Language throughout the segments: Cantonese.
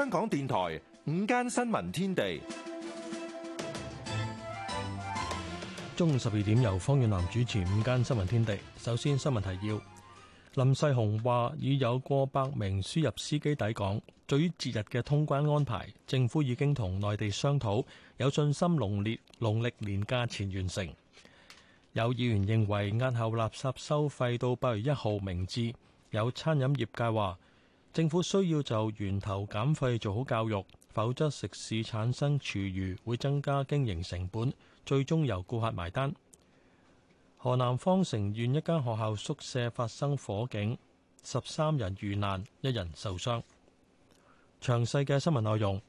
香港電台午間新聞天地，中午十二點由方遠南主持《午間新聞天地》。首先新聞提要：林世雄話，已有過百名輸入司機抵港。至於節日嘅通關安排，政府已經同內地商討，有信心農曆農曆年假前完成。有議員認為押後垃圾收費到八月一號明智。有餐飲業界話。政府需要就源頭減廢做好教育，否則食肆產生廚餘會增加經營成本，最終由顧客埋單。河南方城縣一間學校宿舍發生火警，十三人遇難，一人受傷。詳細嘅新聞內容，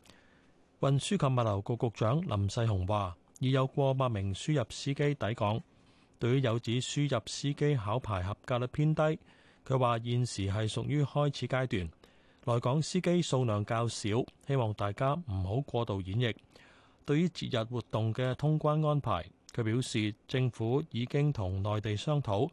運輸及物流局局長林世雄話，已有過百名輸入司機抵港。對於有指輸入司機考牌合格率偏低。佢話現時係屬於開始階段，來港司機數量較少，希望大家唔好過度演繹。對於節日活動嘅通關安排，佢表示政府已經同內地商討，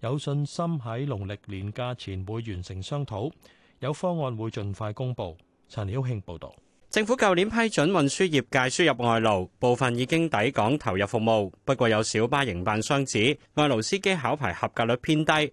有信心喺農曆年假前會完成商討，有方案會盡快公布。陳曉慶報道，政府舊年批准運輸業界輸入外勞，部分已經抵港投入服務，不過有小巴營辦商指外勞司機考牌合格率偏低。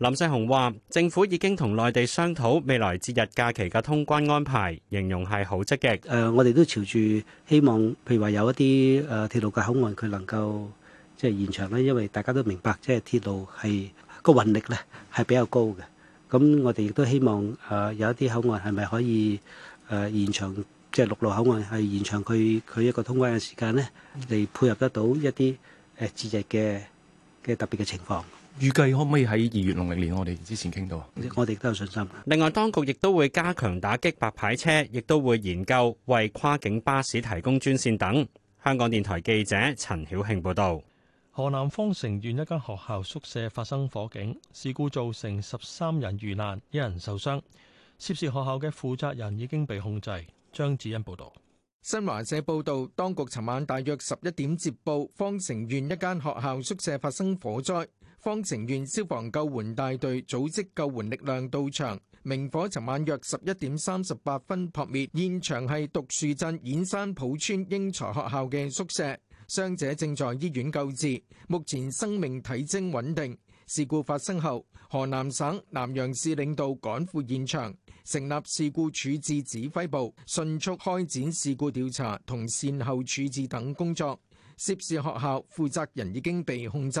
林世雄話：政府已經同內地商討未來節日假期嘅通關安排，形容係好積極。誒，我哋都朝住希望，譬如話有一啲誒鐵路嘅口岸，佢能夠即係延長咧，因為大家都明白，即係鐵路係個運力咧係比較高嘅。咁我哋亦都希望誒有一啲口岸係咪可以誒延長，即係陸路口岸係延長佢佢一個通關嘅時間咧，嚟配合得到一啲誒節日嘅嘅特別嘅情況。預計可唔可以喺二月農曆年，我哋之前傾到啊？我哋都有信心。另外，當局亦都會加強打擊白牌車，亦都會研究為跨境巴士提供專線等。香港電台記者陳曉慶報導。河南方城縣一間學校宿舍發生火警事故，造成十三人遇難，一人受傷。涉事學校嘅負責人已經被控制。張子欣報導。新華社報導，當局尋晚大約十一點接報，方城縣一間學校宿舍發生火災。方城縣消防救援大隊組織救援力量到場，明火尋晚約十一點三十八分撲滅。現場係獨樹鎮硯山鋪村英才學校嘅宿舍，傷者正在醫院救治，目前生命體徵穩定。事故發生後，河南省南陽市領導趕赴現場，成立事故處置指揮部，迅速開展事故調查同善後處置等工作。涉事學校負責人已經被控制。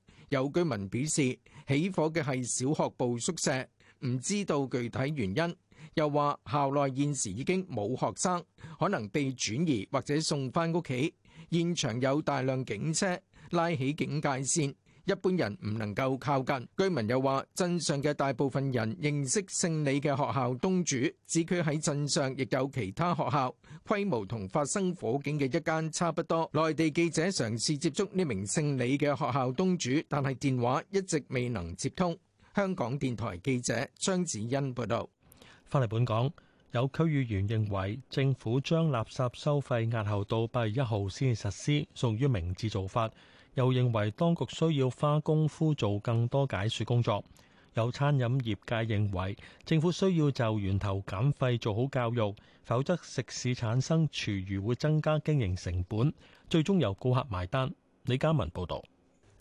有居民表示，起火嘅係小學部宿舍，唔知道具體原因。又話校內現時已經冇學生，可能被轉移或者送翻屋企。現場有大量警車拉起警戒線。一般人唔能夠靠近。居民又話：鎮上嘅大部分人認識姓李嘅學校東主，指佢喺鎮上亦有其他學校，規模同發生火警嘅一間差不多。內地記者嘗試接觸呢名姓李嘅學校東主，但係電話一直未能接通。香港電台記者張子欣報道。翻嚟本港，有區議員認為政府將垃圾收費押後到八月一號先實施，屬於明智做法。又認為當局需要花功夫做更多解説工作。有餐飲業界認為政府需要就源頭減廢做好教育，否則食肆產生廚餘會增加經營成本，最終由顧客埋單。李嘉文報導，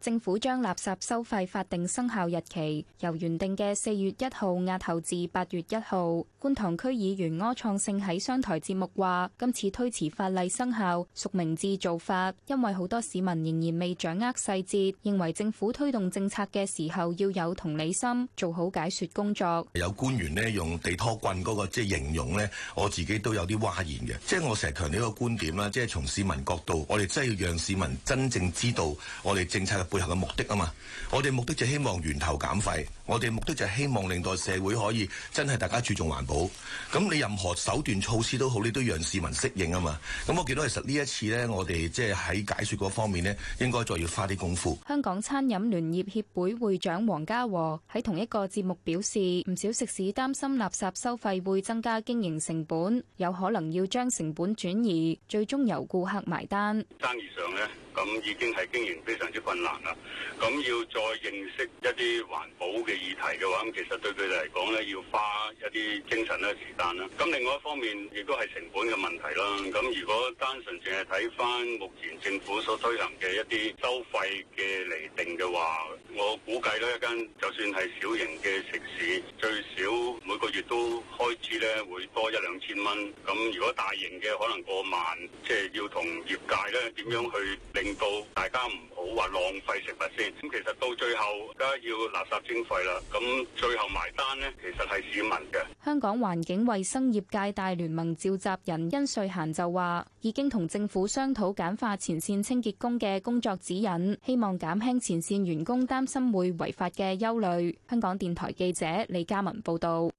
政府將垃圾收費法定生效日期由原定嘅四月一號押後至八月一號。觀塘區議員柯創盛喺商台節目話：今次推遲法例生效屬明智做法，因為好多市民仍然未掌握細節，認為政府推動政策嘅時候要有同理心，做好解說工作。有官員呢用地拖棍嗰個，即係形容呢，我自己都有啲嘩然嘅。即係我成日強調一個觀點啦，即係從市民角度，我哋真係要讓市民真正知道我哋政策嘅背後嘅目的啊嘛。我哋目的就希望源頭減廢，我哋目的就希望令到社會可以真係大家注重環。好，咁你任何手段措施都好，你都讓市民適應啊嘛。咁我見到其實呢一次咧，我哋即係喺解説嗰方面咧，應該再要花啲功夫。香港餐飲聯業協會會長黃家和喺同一個節目表示，唔少食肆擔心垃圾收費會增加經營成本，有可能要將成本轉移，最終由顧客埋單。生意上咧，咁已經係經營非常之困難啦。咁要再認識一啲環保嘅議題嘅話，咁其實對佢哋嚟講咧，要花一啲精神咧、時間啦。咁另外一方面，亦都係成本嘅問題啦。咁如果單純淨係睇翻目前政府所推行嘅一啲收費嘅釐定嘅話，我估計咧一間就算係小型嘅食肆，最少每個月都開支咧會多一兩千蚊。咁如果大型嘅可能過萬，即係要同業界咧點樣去？令到大家唔好話浪費食物先。咁其實到最後，梗要垃圾徵費啦。咁最後埋單咧，其實係市民嘅。香港環境衞生業界大聯盟召集人甄瑞賢就話：已經同政府商討簡化前線清潔工嘅工作指引，希望減輕前線員工擔心會違法嘅憂慮。香港電台記者李嘉文報道。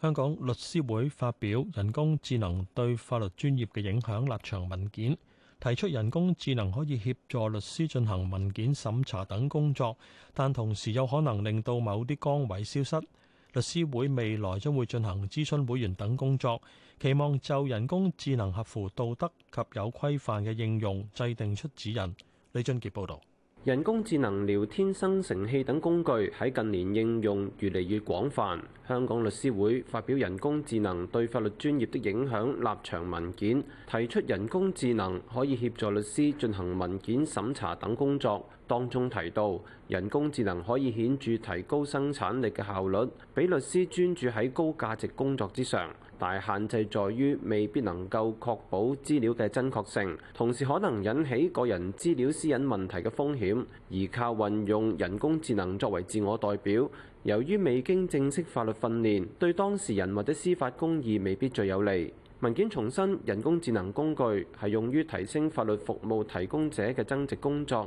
香港律師會發表人工智能對法律專業嘅影響立場文件。提出人工智能可以協助律師進行文件審查等工作，但同時有可能令到某啲崗位消失。律師會未來將會進行諮詢會員等工作，期望就人工智能合乎道德及有規範嘅應用制定出指引。李俊杰報道。人工智能聊天生成器等工具喺近年應用越嚟越廣泛。香港律師會發表人工智能對法律專業的影響立場文件，提出人工智能可以協助律師進行文件審查等工作。當中提到，人工智能可以顯著提高生產力嘅效率，俾律師專注喺高價值工作之上。大限制在於未必能夠確保資料嘅真確性，同時可能引起個人資料私隱問題嘅風險。而靠運用人工智能作為自我代表，由於未經正式法律訓練，對當事人或者司法公義未必最有利。文件重申，人工智能工具係用於提升法律服務提供者嘅增值工作，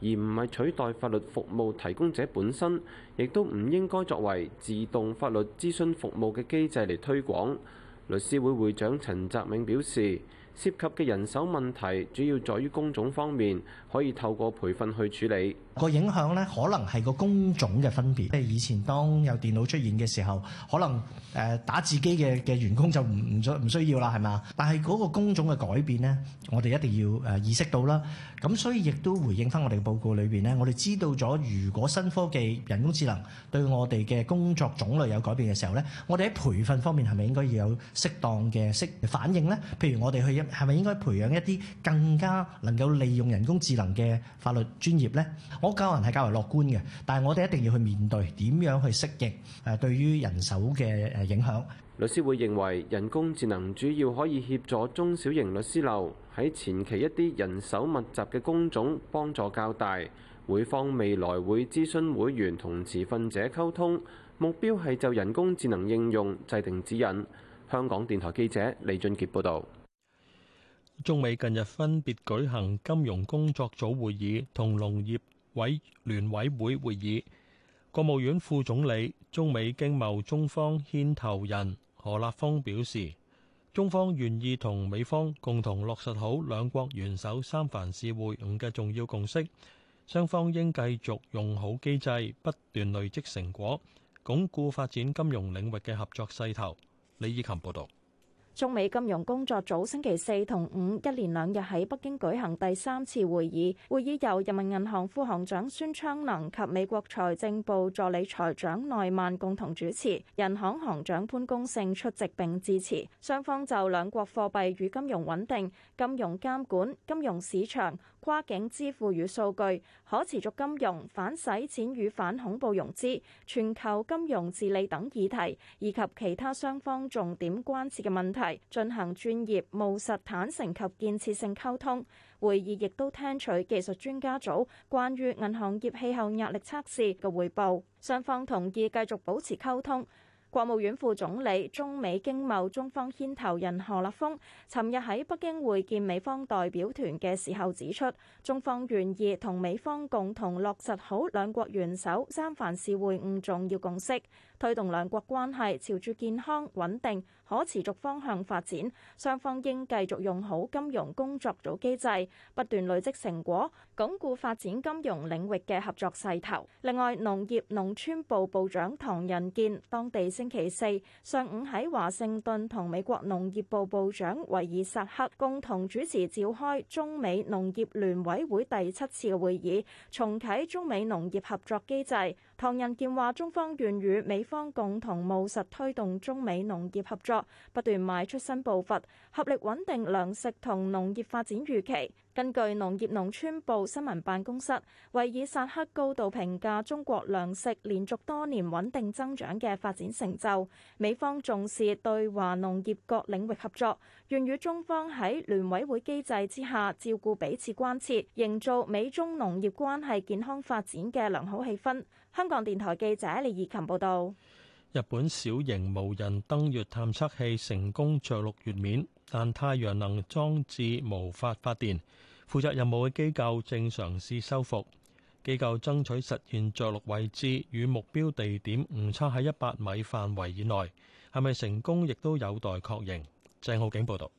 而唔係取代法律服務提供者本身，亦都唔應該作為自動法律諮詢服務嘅機制嚟推廣。律師會會長陳澤銘表示。涉及嘅人手問題主要在於工種方面，可以透過培訓去處理。個影響咧，可能係個工種嘅分別，即係以前當有電腦出現嘅時候，可能誒打字機嘅嘅員工就唔唔唔需要啦，係嘛？但係嗰個工種嘅改變咧，我哋一定要誒意識到啦。咁所以亦都回應翻我哋嘅報告裏邊咧，我哋知道咗如果新科技人工智能對我哋嘅工作種類有改變嘅時候咧，我哋喺培訓方面係咪應該要有適當嘅適反應咧？譬如我哋去一係咪應該培養一啲更加能夠利用人工智能嘅法律專業呢？我個人係較為樂觀嘅，但係我哋一定要去面對點樣去適應誒對於人手嘅誒影響。律師會認為人工智能主要可以協助中小型律師樓喺前期一啲人手密集嘅工種幫助較大，會方未來會諮詢會員同持份者溝通，目標係就人工智能應用制定指引。香港電台記者李俊傑報道。中美近日分別舉行金融工作組會議同農業委聯委會會議，國務院副總理、中美經貿中方牽頭人何立峰表示，中方願意同美方共同落實好兩國元首三藩市會晤嘅重要共識，雙方應繼續用好機制，不斷累積成果，鞏固發展金融領域嘅合作勢頭。李以琴報道。中美金融工作組星期四同五一連兩日喺北京舉行第三次會議，會議由人民銀行副行長孫昌能及美國財政部助理財長奈曼共同主持，人銀行行長潘功勝出席並致辭，雙方就兩國貨幣與金融穩定、金融監管、金融市場、跨境支付與數據、可持續金融、反洗錢與反恐怖融資、全球金融治理等議題以及其他雙方重點關切嘅問題。進行專業務實、坦誠及建設性溝通。會議亦都聽取技術專家組關於銀行業氣候壓力測試嘅匯報。雙方同意繼續保持溝通。國務院副總理、中美經貿中方牽頭人何立峰，尋日喺北京會見美方代表團嘅時候指出，中方願意同美方共同落實好兩國元首三藩市會晤重要共識。推動兩國關係朝住健康、穩定、可持續方向發展，雙方應繼續用好金融工作組機制，不斷累積成果，鞏固發展金融領域嘅合作勢頭。另外，農業農村部部長唐仁健當地星期四上午喺華盛頓同美國農業部部長維爾薩克共同主持召開中美農業聯委會第七次嘅會議，重啟中美農業合作機制。唐仁健話：中方願與美方共同務實推動中美農業合作，不斷邁出新步伐，合力穩定糧食同農業發展預期。根據農業農村部新聞辦公室，維爾薩克高度評價中國糧食連續多年穩定增長嘅發展成就。美方重視對華農業各領域合作，願與中方喺聯委會機制之下照顧彼此關切，營造美中農業關係健康發展嘅良好氣氛。香港電台記者李怡琴報道：日本小型無人登月探測器成功着陸月面，但太陽能裝置無法發電。負責任務嘅機構正嘗試修復。機構爭取實現着陸位置與目標地點誤差喺一百米範圍以內，係咪成功亦都有待確認。鄭浩景報道。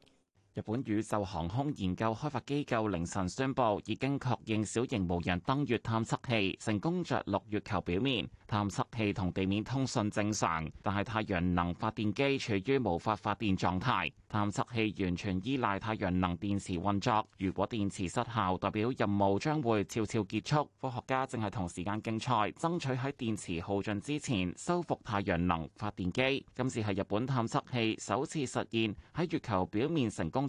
日本宇宙航空研究開發機構凌晨宣布，已經確認小型無人登月探測器成功着陸月球表面，探測器同地面通訊正常，但係太陽能發電機處於無法發電狀態，探測器完全依賴太陽能電池運作。如果電池失效，代表任務將會悄悄結束。科學家正係同時間競賽，爭取喺電池耗盡之前修復太陽能發電機。今次係日本探測器首次實現喺月球表面成功。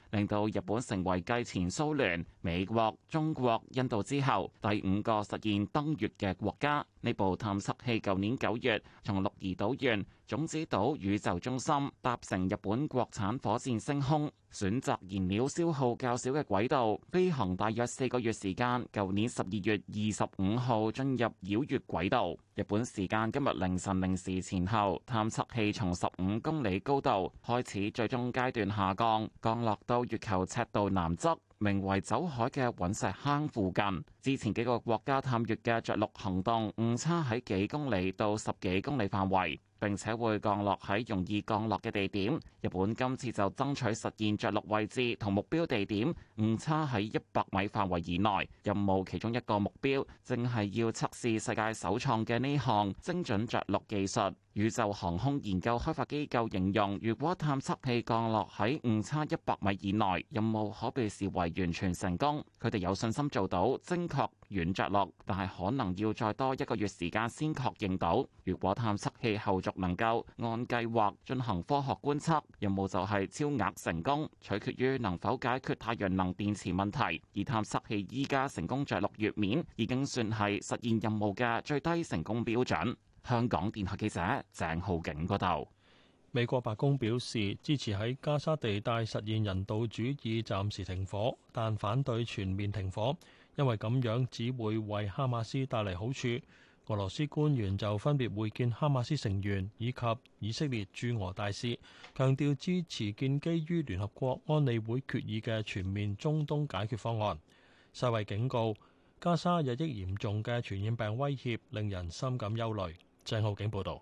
令到日本成為繼前蘇聯、美國、中國、印度之後第五個實現登月嘅國家。呢部探測器舊年九月從鹿兒島縣種子島宇宙中心搭乘日本國產火箭升空，選擇燃料消耗較少嘅軌道飛行，大約四個月時間。舊年十二月二十五號進入繞月軌道。日本時間今日凌晨零時前後，探測器從十五公里高度開始最終階段下降，降落到月球赤道南側，名為走海嘅隕石坑附近，之前幾個國家探月嘅着陸行動誤差喺幾公里到十幾公里範圍。並且會降落喺容易降落嘅地點。日本今次就爭取實現着陸位置同目標地點誤差喺一百米範圍以內。任務其中一個目標，正係要測試世界首創嘅呢項精準着陸技術。宇宙航空研究開發機構形容，如果探測器降落喺誤差一百米以內，任務可被視為完全成功。佢哋有信心做到精確。軟着陸，但係可能要再多一個月時間先確認到。如果探測器後續能夠按計劃進行科學觀測，任務就係超額成功，取決於能否解決太陽能電池問題。而探測器依家成功着陸月面，已經算係實現任務嘅最低成功標準。香港電台記者鄭浩景嗰度。美國白宮表示支持喺加沙地帶實現人道主義暫時停火，但反對全面停火。因為咁樣只會為哈馬斯帶嚟好處，俄羅斯官員就分別會見哈馬斯成員以及以色列駐俄大使，強調支持建基於聯合國安理會決議嘅全面中東解決方案。世衞警告，加沙日益嚴重嘅傳染病威脅令人深感憂慮。鄭浩景報道。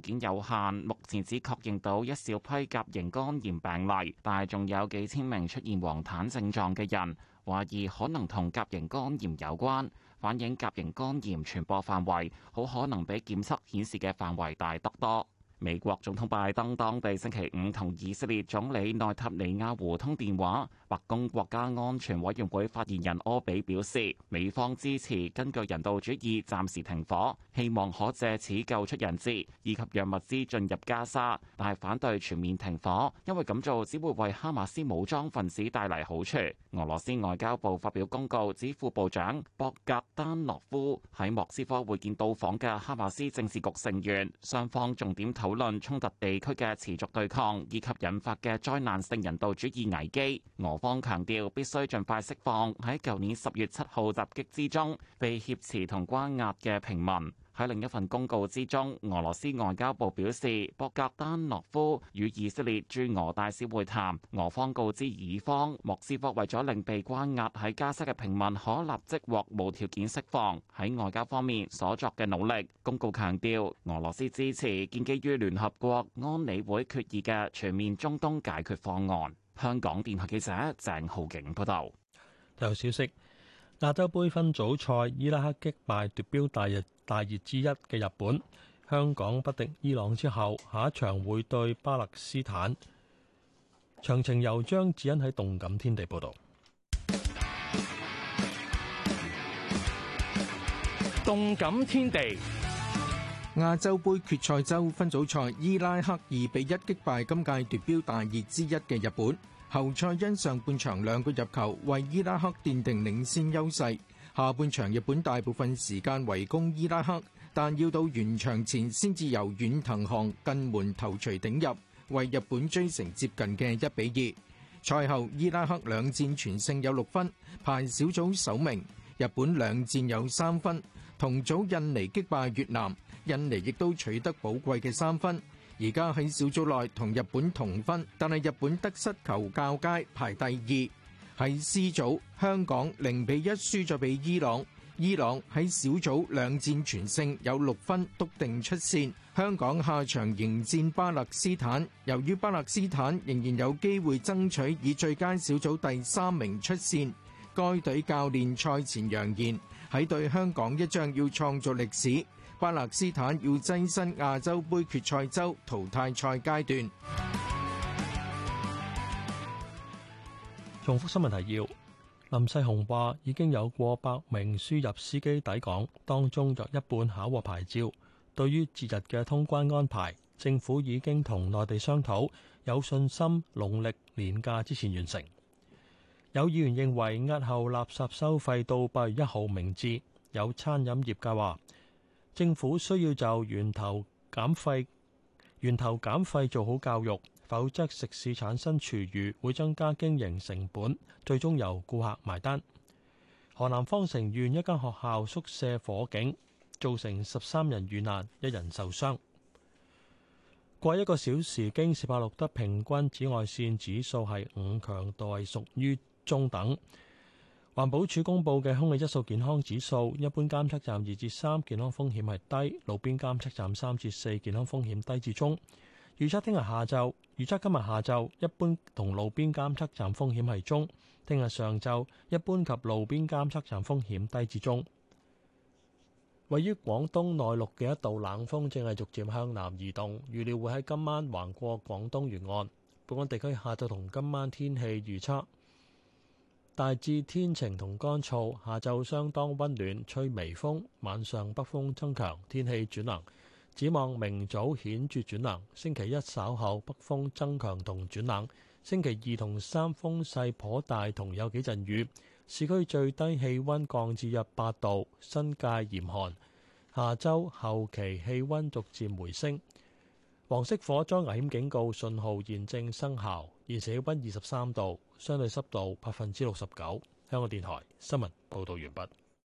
件有限，目前只確認到一小批甲型肝炎病例，但係仲有幾千名出現黃疸症狀嘅人，懷疑可能同甲型肝炎有關，反映甲型肝炎傳播範圍好可能比檢測顯示嘅範圍大得多，多。美國總統拜登當地星期五同以色列總理內塔尼亞胡通電話。白宮國家安全委員會發言人柯比表示，美方支持根據人道主義暫時停火，希望可借此救出人質以及讓物資進入加沙，但係反對全面停火，因為咁做只會為哈馬斯武裝分子帶嚟好處。俄羅斯外交部發表公告，指副部長博格丹諾夫喺莫斯科會見到訪嘅哈馬斯政治局成員，雙方重點討論衝突地區嘅持續對抗以及引發嘅災難性人道主義危機。俄。方強調必須盡快釋放喺舊年十月七號襲擊之中被挾持同關押嘅平民。喺另一份公告之中，俄羅斯外交部表示，博格丹諾夫與以色列駐俄大使會談，俄方告知以方，莫斯科為咗令被關押喺加沙嘅平民可立即獲無條件釋放，喺外交方面所作嘅努力。公告強調，俄羅斯支持建基於聯合國安理會決議嘅全面中東解決方案。香港電台記者鄭浩景報道。有消息：亞洲盃分組賽，伊拉克擊敗奪標大熱大熱之一嘅日本，香港不敵伊朗之後，下一場會對巴勒斯坦。詳情由張子欣喺動感天地報道。動感天地。亞洲盃決賽周分組賽，伊拉克二比一擊敗今屆奪標大熱之一嘅日本。侯賽因上半場兩個入球，為伊拉克奠定領先優勢。下半場日本大部分時間圍攻伊拉克，但要到完場前先至由遠藤航近門頭錘頂入，為日本追成接近嘅一比二。賽後伊拉克兩戰全勝有六分，排小組首名。日本兩戰有三分，同組印尼擊敗越南。印尼亦都取得寶貴嘅三分，而家喺小組內同日本同分，但係日本得失球較佳，排第二。喺 C 組，香港零比一輸咗俾伊朗，伊朗喺小組兩戰全勝，有六分篤定出線。香港下場迎戰巴勒斯坦，由於巴勒斯坦仍然有機會爭取以最佳小組第三名出線，該隊教練賽前揚言喺對香港一仗要創造歷史。巴勒斯坦要躋身亞洲盃決賽周淘汰賽階段。重複新聞提要：林世雄話已經有過百名輸入司機抵港，當中約一半考獲牌照。對於節日嘅通關安排，政府已經同內地商討，有信心農曆年假之前完成。有議員認為，押後垃圾收費到八月一號明智。有餐飲業界話，政府需要就源頭減廢、源頭減廢做好教育，否則食肆產生廚餘會增加經營成本，最終由顧客埋單。河南方城縣一間學校宿舍火警，造成十三人遇難，一人受傷。過一個小時，經京士柏錄得平均紫外線指數係五，強度屬於中等。環保署公布嘅空氣質素健康指數，一般監測站二至三，3，健康風險係低；路邊監測站三至四，4，健康風險低至中。預測聽日下晝，預測今日下晝，一般同路邊監測站風險係中；聽日上晝，一般及路邊監測站風險低至中。位於廣東內陸嘅一道冷鋒正係逐漸向南移動，預料會喺今晚橫過廣東沿岸。本港地區下晝同今晚天氣預測。大致天晴同乾燥，下晝相當温暖，吹微風。晚上北風增強，天氣轉冷。展望明早顯著轉冷，星期一稍後北風增強同轉冷，星期二同三風勢頗大同有幾陣雨。市區最低氣温降至約八度，新界嚴寒。下週後期氣温逐漸回升。黃色火災危險警告信號現正生效。現時氣溫二十三度，相對濕度百分之六十九。香港電台新聞報道完畢。